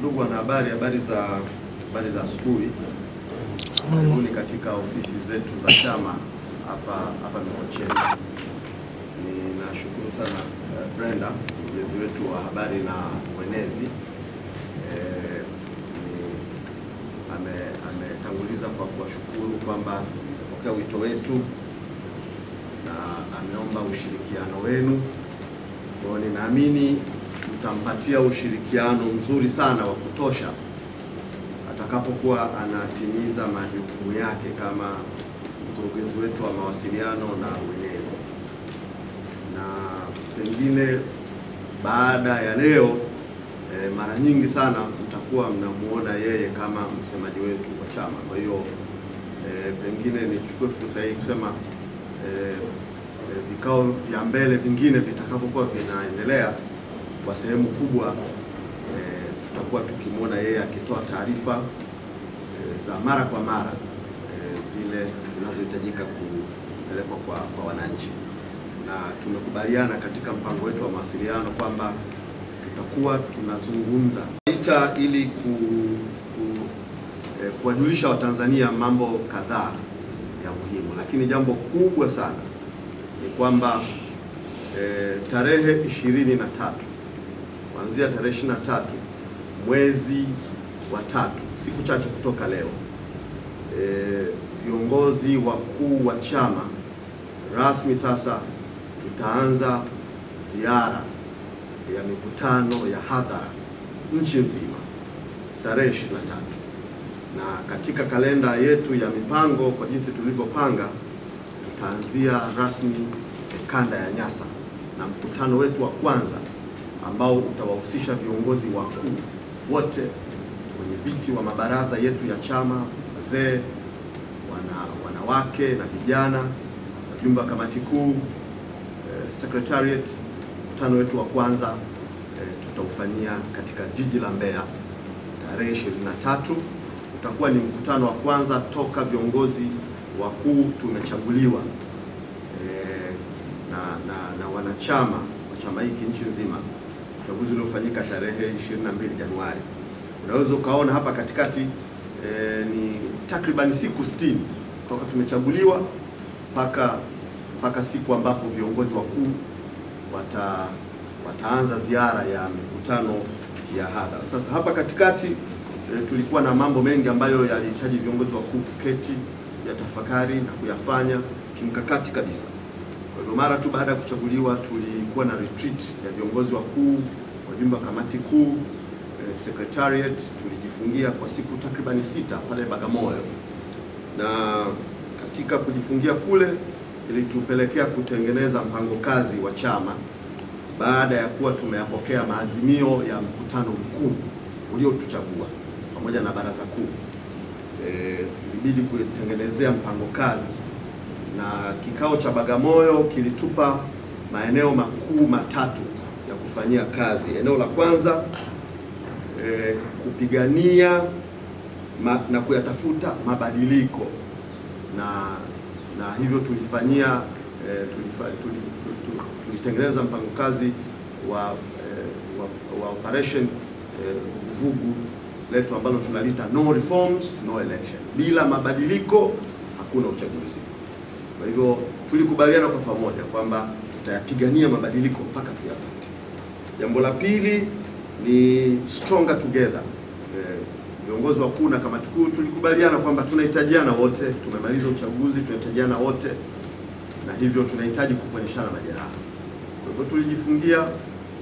Ndugu wanahabari, habari za habari za asubuhi. Karibuni katika ofisi zetu za chama hapa hapa Mikocheni. Ninashukuru sana uh, Brenda mjenzi wetu wa habari na mwenezi eh, ametanguliza ame kwa kuwashukuru kwamba tumepokea wito wetu na ameomba ushirikiano wenu kwao, ninaamini tutampatia ushirikiano mzuri sana wa kutosha atakapokuwa anatimiza majukumu yake kama mkurugenzi wetu wa mawasiliano na uenezi. Na pengine baada ya leo e, mara nyingi sana mtakuwa mnamuona yeye kama msemaji wetu wa chama. Kwa hiyo e, pengine nichukue fursa hii kusema e, e, vikao vya mbele vingine vitakapokuwa vinaendelea kwa sehemu kubwa e, tutakuwa tukimwona yeye akitoa taarifa e, za mara kwa mara e, zile zinazohitajika kupelekwa kwa, kwa wananchi, na tumekubaliana katika mpango wetu wa mawasiliano kwamba tutakuwa tunazungumza ita ili ku, ku, e, kuwajulisha Watanzania mambo kadhaa ya muhimu, lakini jambo kubwa sana ni kwamba e, tarehe ishirini na tatu kuanzia tarehe 23 mwezi wa tatu, siku chache kutoka leo, e, viongozi wakuu wa chama rasmi sasa tutaanza ziara ya mikutano ya hadhara nchi nzima tarehe 23 na katika kalenda yetu ya mipango kwa jinsi tulivyopanga, tutaanzia rasmi kanda ya Nyasa na mkutano wetu wa kwanza ambao utawahusisha viongozi wakuu wote, viti wa mabaraza yetu ya chama, wazee, wana, wanawake na vijana, wajumbe wa kamati kuu, eh, secretariat. Mkutano wetu wa kwanza eh, tutaufanyia katika jiji la Mbeya tarehe 23. Utakuwa ni mkutano wa kwanza toka viongozi wakuu tumechaguliwa eh, na, na, na wanachama wa chama hiki nchi nzima uchaguzi uliofanyika tarehe 22 Januari. Unaweza ukaona hapa katikati e, ni takriban siku 60 toka tumechaguliwa mpaka mpaka siku ambapo viongozi wakuu wata wataanza ziara ya mikutano ya hadhara. Sasa hapa katikati e, tulikuwa na mambo mengi ambayo yalihitaji viongozi wakuu kuketi, ya tafakari na kuyafanya kimkakati kabisa. Kwa hivyo mara tu baada ya kuchaguliwa tulikuwa na retreat ya viongozi wakuu, wajumbe wa kamati kuu, eh, secretariat. Tulijifungia kwa siku takribani sita pale Bagamoyo, na katika kujifungia kule ilitupelekea kutengeneza mpango kazi wa chama baada ya kuwa tumeyapokea maazimio ya mkutano mkuu uliotuchagua pamoja na baraza kuu. E, ilibidi kutengenezea mpango kazi na kikao cha Bagamoyo kilitupa maeneo makuu matatu ya kufanyia kazi. Eneo la kwanza e, kupigania ma, na kuyatafuta mabadiliko na na hivyo tulifanyia e, eh, tulifanya, tulitengeneza mpango kazi wa, e, wa, wa operation vuguvugu e, letu ambalo tunalita no reforms no election, bila mabadiliko hakuna uchaguzi. Kwa hivyo tulikubaliana kwa pamoja kwamba tutayapigania mabadiliko mpaka tuyapate. Jambo la pili ni stronger together. Eh, viongozi wakuu na kamati kuu tulikubaliana kwamba tunahitajiana wote, tumemaliza uchaguzi, tunahitajiana wote na hivyo tunahitaji kuponyeshana majeraha. Kwa hivyo tulijifungia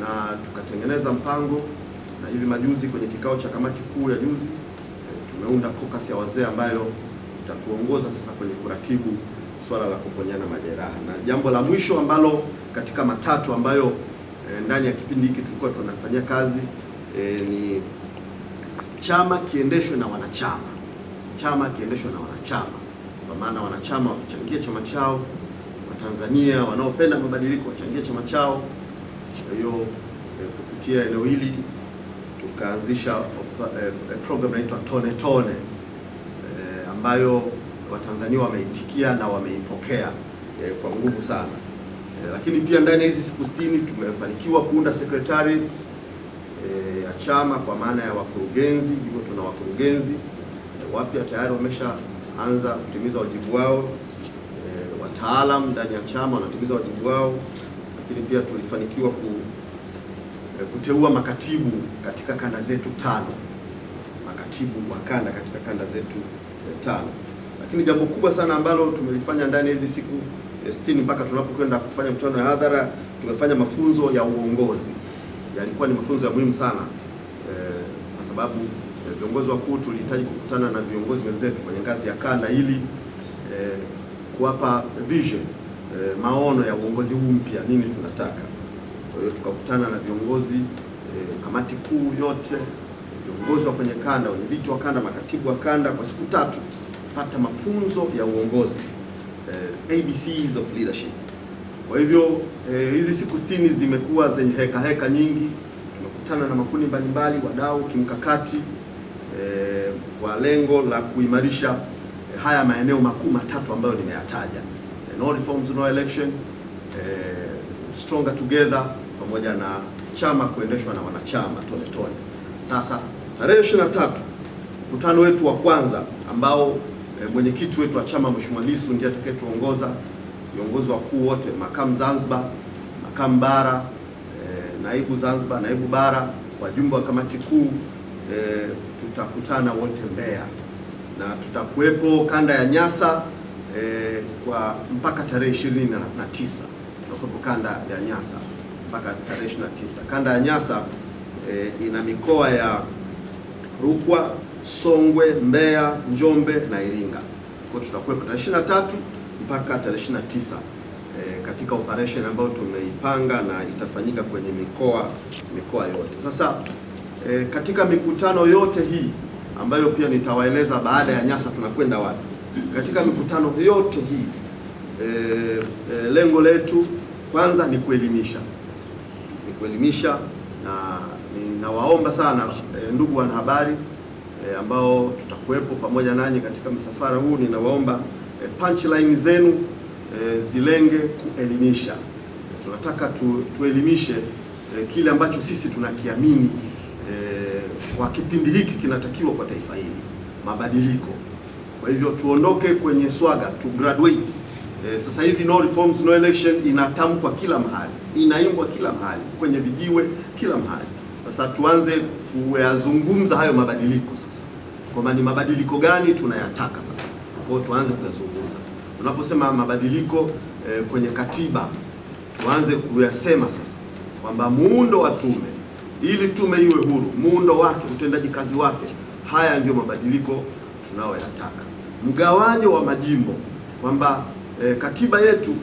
na tukatengeneza mpango, na hivi majuzi kwenye kikao cha kamati kuu ya juzi eh, tumeunda kokasi ya wazee ambayo itatuongoza sasa kwenye kuratibu swala la kuponyana majeraha. Na jambo la mwisho ambalo katika matatu ambayo e, ndani ya kipindi hiki tulikuwa tunafanyia kazi e, ni chama kiendeshwe na wanachama. Chama kiendeshwe na wanachama, kwa maana wanachama wakichangia chama chao, Watanzania wanaopenda mabadiliko wachangia chama chao. Kwa hiyo e, kupitia eneo hili tukaanzisha e, program inaitwa Tone Tone e, ambayo Watanzania wameitikia na wameipokea e, kwa nguvu sana e, lakini pia ndani ya hizi siku 60 tumefanikiwa kuunda secretariat e, ya chama kwa maana ya wakurugenzi. Hivyo tuna wakurugenzi e, wapya tayari wameshaanza kutimiza wajibu wao e, wataalam ndani ya chama wanatimiza wajibu wao, lakini pia tulifanikiwa ku, e, kuteua makatibu katika kanda zetu tano, makatibu wa kanda katika kanda zetu e, tano. Lakini jambo kubwa sana ambalo tumelifanya ndani ya hizi siku 60 eh, mpaka tunapokwenda kufanya mkutano wa hadhara, tumefanya mafunzo ya uongozi. Yalikuwa ni mafunzo ya muhimu sana e, kwa sababu e, viongozi wakuu tulihitaji kukutana na viongozi wenzetu kwenye ngazi ya kanda ili e, kuwapa vision e, maono ya uongozi huu mpya, nini tunataka. Kwa hiyo tukakutana na viongozi e, kamati kuu yote, viongozi wa kwenye kanda, wenyeviti wa kanda, makatibu wa kanda kwa siku tatu kupata mafunzo ya uongozi eh, ABCs of leadership. Kwa hivyo eh, hizi eh, siku 60 zimekuwa zenye heka heka nyingi. Tumekutana na makundi mbalimbali, wadau kimkakati eh, kwa lengo la kuimarisha eh, haya maeneo makuu matatu ambayo nimeyataja eh, no reforms, no election eh, stronger together pamoja na chama kuendeshwa na wanachama tone tone. Sasa tarehe 23 mkutano wetu wa kwanza ambao e, mwenyekiti wetu wa chama Mheshimiwa Lissu ndiye atakayetuongoza, viongozi wakuu wote, makamu Zanzibar, makamu bara, e, naibu Zanzibar, naibu bara, wajumbe wa kamati kuu e, tutakutana wote Mbeya na tutakuwepo kanda ya Nyasa e, kwa mpaka tarehe ishirini na tisa tutakuwepo kanda ya Nyasa mpaka tarehe 29. Kanda ya Nyasa e, ina mikoa ya Rukwa Songwe, Mbeya, Njombe na Iringa. Kwa tutakuwepo tarehe tatu mpaka tarehe tisa e, katika operation ambayo tumeipanga na itafanyika kwenye mikoa mikoa yote. Sasa e, katika mikutano yote hii ambayo pia nitawaeleza baada ya Nyasa tunakwenda wapi. Katika mikutano yote hii e, e, lengo letu kwanza ni kuelimisha ni kuelimisha, na ninawaomba sana e, ndugu wanahabari e, ambao tutakuwepo pamoja nanyi katika msafara huu. Ninawaomba e, punchline zenu e, zilenge kuelimisha. E, tunataka tu, tuelimishe e, kile ambacho sisi tunakiamini e, kwa kipindi hiki kinatakiwa kwa taifa hili, mabadiliko. Kwa hivyo tuondoke kwenye swaga tu graduate. E, sasa hivi no reforms no election inatamkwa kila mahali, inaimbwa kila mahali, kwenye vijiwe kila mahali. Sasa tuanze kuyazungumza hayo mabadiliko kwamba ni mabadiliko gani tunayataka sasa. Kwa hiyo tuanze kuyazungumza. Tunaposema mabadiliko e, kwenye katiba, tuanze kuyasema sasa kwamba muundo wa tume, ili tume iwe huru, muundo wake, utendaji kazi wake, haya ndiyo mabadiliko tunayoyataka. Mgawanyo wa majimbo kwamba e, katiba yetu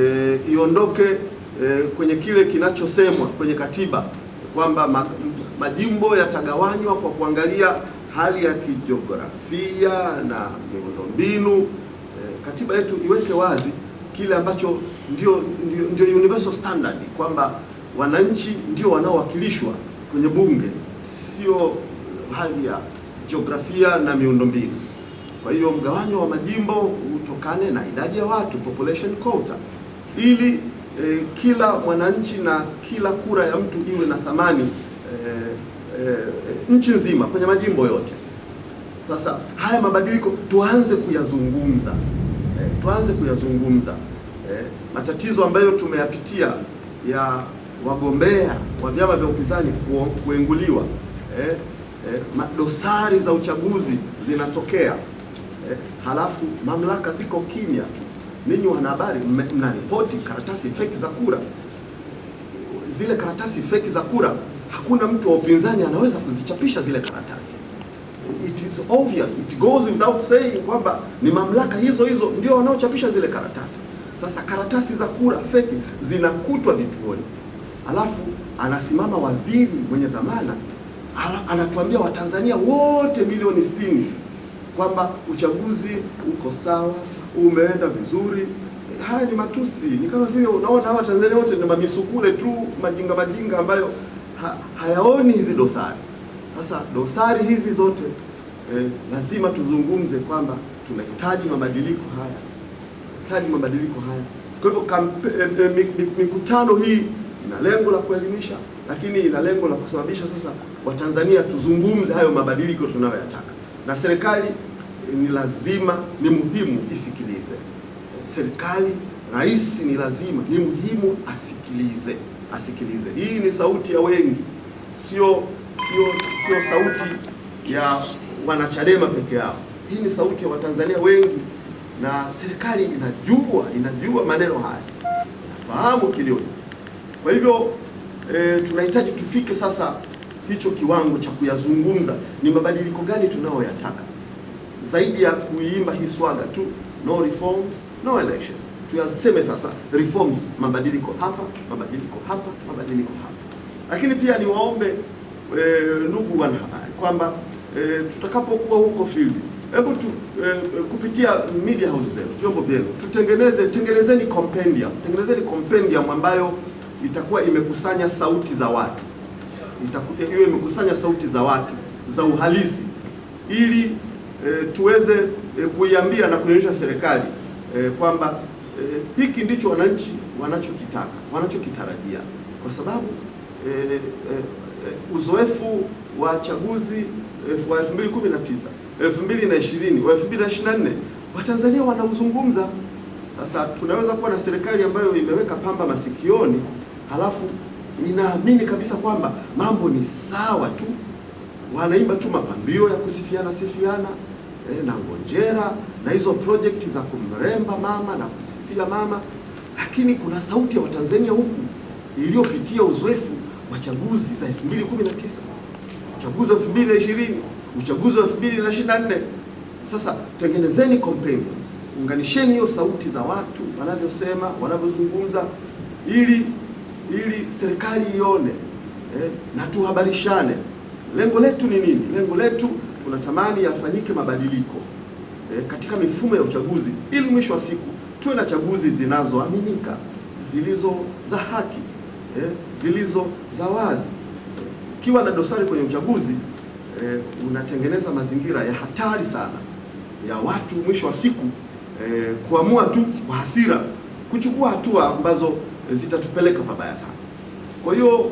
e, iondoke e, kwenye kile kinachosemwa kwenye katiba kwamba majimbo yatagawanywa kwa kuangalia hali ya kijiografia na miundombinu. Eh, katiba yetu iweke wazi kile ambacho ndio, ndio, ndio universal standard kwamba wananchi ndio wanaowakilishwa kwenye bunge, sio hali ya jiografia na miundombinu. Kwa hiyo mgawanyo wa majimbo utokane na idadi ya watu, population quota, ili eh, kila mwananchi na kila kura ya mtu iwe na thamani eh, Eh, eh, nchi nzima kwenye majimbo yote. Sasa haya mabadiliko tuanze kuyazungumza eh, tuanze kuyazungumza eh, matatizo ambayo tumeyapitia ya wagombea wa vyama vya upinzani kuenguliwa eh, eh, dosari za uchaguzi zinatokea eh, halafu mamlaka ziko kimya tu. Ninyi wanahabari mnaripoti karatasi feki za kura, zile karatasi feki za kura hakuna mtu wa upinzani anaweza kuzichapisha zile karatasi. It is obvious, it goes without saying kwamba ni mamlaka hizo hizo ndio wanaochapisha zile karatasi. Sasa karatasi za kura feki zinakutwa vituoni, alafu anasimama waziri mwenye dhamana anatuambia Watanzania wote milioni sitini kwamba uchaguzi uko sawa, umeenda vizuri. Haya ni matusi, ni kama vile unaona hawa Tanzania wote ni mamisukule tu, majinga majinga ambayo ha, hayaoni hizi dosari. Sasa dosari hizi zote eh, lazima tuzungumze kwamba tunahitaji mabadiliko haya, tunahitaji mabadiliko haya. Kwa hivyo eh, eh mikutano hii ina lengo la kuelimisha, lakini ina lengo la kusababisha sasa Watanzania tuzungumze hayo mabadiliko tunayoyataka, na serikali eh, ni lazima, ni muhimu isikilize serikali. Rais ni lazima, ni muhimu asikilize asikilize. Hii ni sauti ya wengi, sio sio sio sauti ya wanachadema peke yao. Hii ni sauti ya Watanzania wengi, na serikali inajua inajua maneno haya, nafahamu kilio. Kwa hivyo e, tunahitaji tufike sasa hicho kiwango cha kuyazungumza ni mabadiliko gani tunayoyataka, zaidi ya kuiimba hii swaga tu, no reforms no elections tuyaseme sasa reforms, mabadiliko hapa, mabadiliko hapa, mabadiliko hapa. Lakini pia niwaombe e, ndugu wanahabari kwamba e, tutakapokuwa huko field, hebu tu e, kupitia media houses zenu, vyombo vyenu, tutengeneze tengenezeni compendium, tengenezeni compendium ambayo itakuwa imekusanya sauti za watu, iwe imekusanya sauti za watu za uhalisi ili e, tuweze e, kuiambia na kuonyesha serikali e, kwamba eh, hiki ndicho wananchi wanachokitaka wanachokitarajia, kwa sababu eh, eh, uzoefu wa chaguzi eh, wa 2019 2020 wa 2024 Watanzania wanauzungumza. Sasa tunaweza kuwa na serikali ambayo imeweka pamba masikioni, halafu inaamini kabisa kwamba mambo ni sawa tu, wanaimba tu mapambio ya kusifiana sifiana eh, na ngonjera na hizo projekti za kumremba mama na kumsifia mama, lakini kuna sauti ya Watanzania huku iliyopitia uzoefu wa chaguzi za 2019, uchaguzi wa 2020, uchaguzi wa 2024. Sasa tengenezeni companions, unganisheni hiyo sauti za watu wanavyosema, wanavyozungumza ili ili serikali ione eh, na tuhabarishane. Lengo letu ni nini? Lengo letu tunatamani yafanyike mabadiliko e, katika mifumo ya uchaguzi ili mwisho wa siku tuwe na chaguzi zinazoaminika, zilizo za haki e, zilizo za wazi. Ukiwa na dosari kwenye uchaguzi e, unatengeneza mazingira ya hatari sana ya watu mwisho wa siku e, kuamua tu kwa hasira kuchukua hatua ambazo zitatupeleka pabaya sana. Kwa hiyo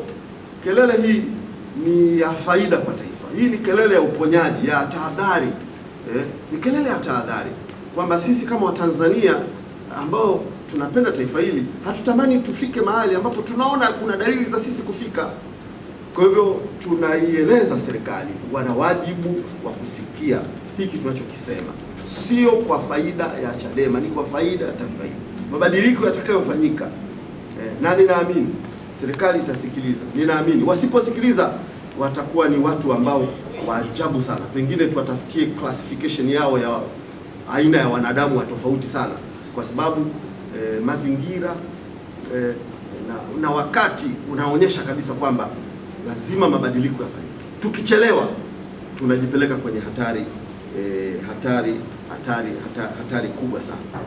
kelele hii ni ya faida kwa hii ni kelele ya uponyaji ya tahadhari eh, ni kelele ya tahadhari kwamba sisi kama Watanzania ambao tunapenda taifa hili hatutamani tufike mahali ambapo tunaona kuna dalili za sisi kufika. Kwa hivyo tunaieleza serikali, wana wajibu wa kusikia hiki tunachokisema, sio kwa faida ya Chadema, ni kwa faida ya taifa hili, mabadiliko yatakayofanyika eh, na ninaamini serikali itasikiliza, ninaamini wasiposikiliza watakuwa ni watu ambao wa ajabu sana, pengine tuwatafutie classification yao ya aina ya wanadamu wa tofauti sana, kwa sababu eh, mazingira eh, na, na wakati unaonyesha kabisa kwamba lazima mabadiliko yafanyike. Tukichelewa tunajipeleka kwenye hatari eh, hatari hatari hatari hatari kubwa sana.